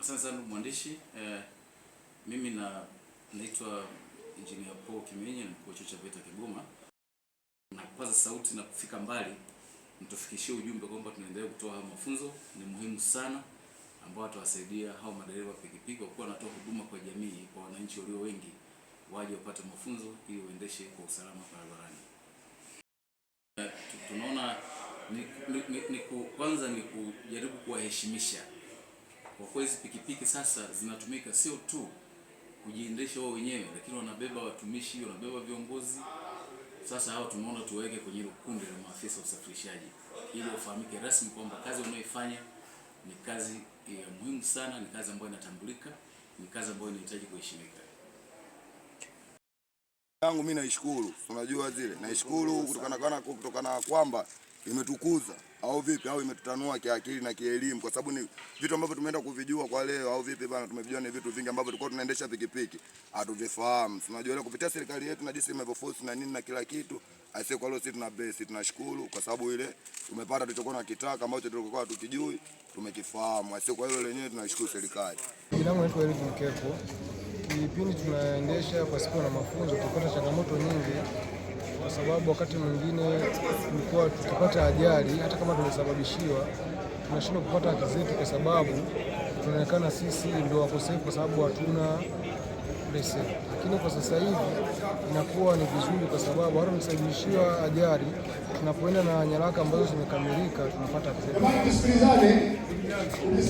Asante sana mwandishi eh, mimi na naitwa Engineer Paul Kimenye, mkuu wa chuo cha VETA Kigoma. Na kupaza sauti na kufika mbali, mtufikishie ujumbe kwamba tunaendelea kutoa haya mafunzo, ni muhimu sana, ambao atawasaidia hao madereva pikipiki wakuwa wanatoa huduma kwa jamii, kwa wananchi walio wengi, waje wapate mafunzo ili waendeshe kwa usalama barabarani. Eh, tunaona ni, ni, ni, ni kwanza ni kujaribu kuwaheshimisha kwa kuwa hizi pikipiki sasa zinatumika sio tu kujiendesha wao wenyewe, lakini wanabeba watumishi, wanabeba viongozi. Sasa hao tumeona tuwaweke kwenye hilo kundi la maafisa wa usafirishaji, ili wafahamike rasmi kwamba kazi wanayoifanya ni kazi ya muhimu sana, ni kazi ambayo inatambulika, ni kazi ambayo inahitaji kuheshimika. yangu mimi naishukuru, tunajua zile naishukuru kutokana kwamba imetukuza au vipi, au imetutanua kiakili na kielimu, kwa sababu ni vitu ambavyo tumeenda kuvijua kwa leo, au vipi bana? Tumevijua ni vitu vingi ambavyo tulikuwa tunaendesha pikipiki hatuvifahamu, tunajua leo kupitia serikali yetu na jinsi imevyoforce na nini na kila kitu. Aisee, kwa leo sisi tuna base, tunashukuru kwa sababu ile tumepata tulichokuwa na kitaka ambacho tulikuwa tukijui tumekifahamu. Aisee, kwa hilo lenyewe tunashukuru serikali. Jina mtu ni Mkepo. Kipindi tunaendesha pasipo na mafunzo, tukapata changamoto nyingi sababu wakati mwingine tulikuwa tukipata ajali, hata kama tumesababishiwa, tunashindwa kupata haki zetu, kwa sababu tunaonekana sisi ndio wakosefu, kwa sababu hatuna leseni. Lakini kwa sasa hivi inakuwa ni vizuri, kwa sababu hata tumesababishiwa ajali, tunapoenda na nyaraka ambazo zimekamilika, tunapata haki zetu.